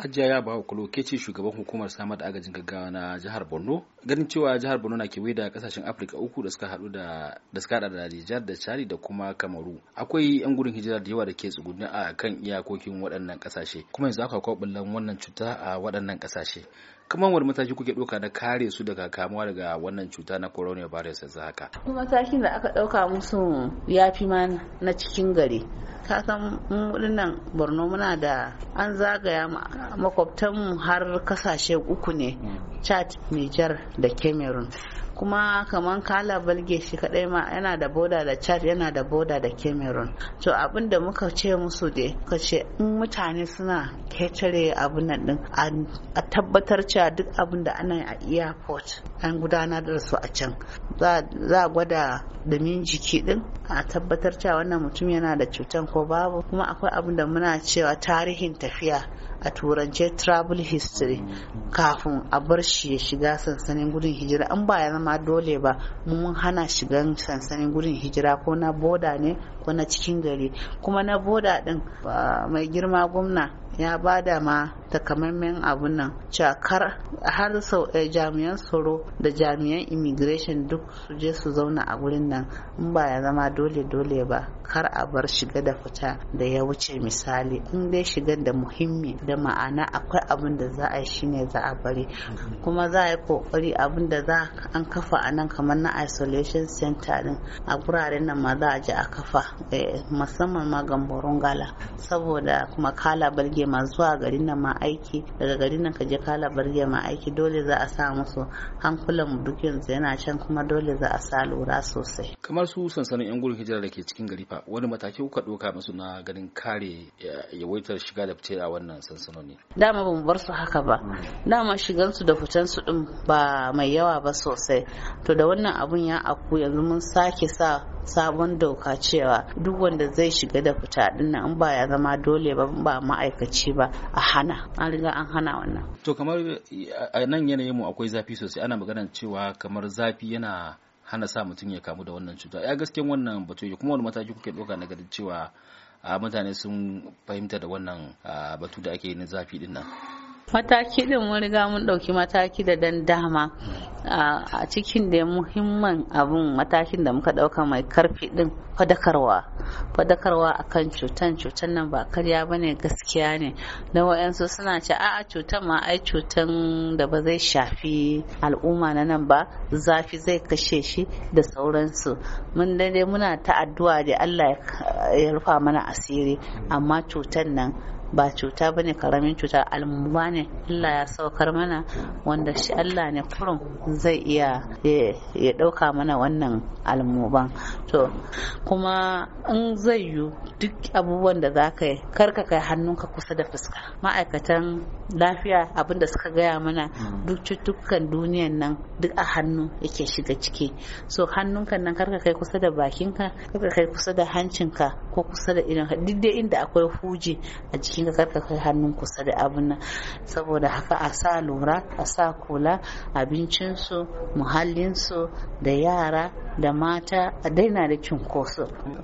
Hajiya ya ba kulo ke ce shugaban hukumar samar da agajin gaggawa na jihar Borno. Ganin cewa jihar Borno na kewaye da kasashen Afirka uku da suka hadu da da suka da Nijar da Chari da kuma Kamaru. Akwai yan gudun hijira da yawa da ke tsugunni a kan iyakokin waɗannan kasashe. Kuma yanzu aka kawo bullan wannan cuta a waɗannan kasashe. Kuma wani mataki kuke ɗauka na kare su daga kamuwa daga wannan cuta na coronavirus yanzu haka? Matakin da aka ɗauka musu ya fi ma na cikin gari. Kasan mu nan Borno muna da an zagaya mu makwabtanmu har kasashe uku ne mm. chad niger da cameroon kuma kamar kala balge shi kadai ma yana da boda da chad yana da boda da cameroon to abin da muka ce musu dai muka ce in mutane suna ketare abin nan din a tabbatar cewa duk abin da ana a airport an gudanar da su a can za a gwada dumin jiki din a tabbatar cewa wannan mutum yana da cutan ko babu kuma akwai abin da muna cewa tarihin tafiya a turance travel history kafin a bar shi ya shiga sansanin gudun hijira an ba ya zama ma dole ba mun hana shigan sansanin gudun hijira ko na boda ne ko na cikin gari kuma na boda din mai girma gwamna ya ba da ma takamaiman abun nan cakar har sau eh, jami'an tsaro da jami'an immigration duk su je su zauna a gurin nan in ba ya zama dole dole ba kar a bar shiga da fita da ya wuce misali in dai shigar da muhimmi da ma'ana akwai abin da za a yi shine za a bari kuma za a yi kokari abin da za an kafa a nan kamar na isolation center din a guraren nan ma za a je a kafa eh, musamman ma ga morongala saboda kuma kala barge ma zuwa garin nan ma aiki daga garin nan ka je kala barge ma aiki dole za a sa musu hankulan duk yanzu yana can kuma dole za a sa lura sosai kamar su sansanin yan gudun hijira da ke cikin gari fa wani mataki kuka ɗauka musu na ganin kare eh, yawaitar shiga da fice a wannan sansanoni dama ba mu bar su haka ba hmm. dama shigansu da fitan su ɗin ba mai yawa ba sosai to da wannan abun ya aku yanzu mun sake sa sabon doka cewa duk wanda zai shiga da fita din in ba ya zama dole ba ba ma'aikaci ba a hana an riga an hana wannan to kamar a nan yanayin mu akwai zafi sosai ana maganar cewa kamar zafi yana hana sa mutum ya kamu da wannan cuta ya gaske wannan batu ya kuma wani mataki kuke ɗauka na ganin cewa mutane sun fahimta da wannan batu da ake yi na zafi din mataki din mun riga mun ɗauki mataki da dan dama a cikin da muhimman abun matakin da muka ɗauka mai karfi din fadakarwa fadakarwa akan cutan cutan nan ba karya ba ne gaskiya ne na wa'yansu suna ce a a cutan ma ai cutan da ba zai shafi al'umma na nan ba zafi zai kashe shi da sauransu mun dai muna ta addu'a da allah ya rufa mana asiri amma cutan nan ba cuta ba ne karamin cuta almuba ne Allah ya saukar mana wanda shi Allah ne kurum zai iya ya ɗauka mana wannan almuban to kuma in zai yiwu duk abubuwan da za ka yi karka kai hannunka kusa da fuska ma'aikatan lafiya abin da suka gaya mana mm. duk cututtukan duniyan nan duk a hannu yake shiga ciki so hannunka nan karka kai kusa da bakinka karka kai kusa da hancinka ko kusa da idonka duk dai inda akwai huji a jikinka karka kai hannun kusa da abin nan saboda haka a sa lura a sa kula abincinsu muhallinsu da yara da mata a daina da cinkoso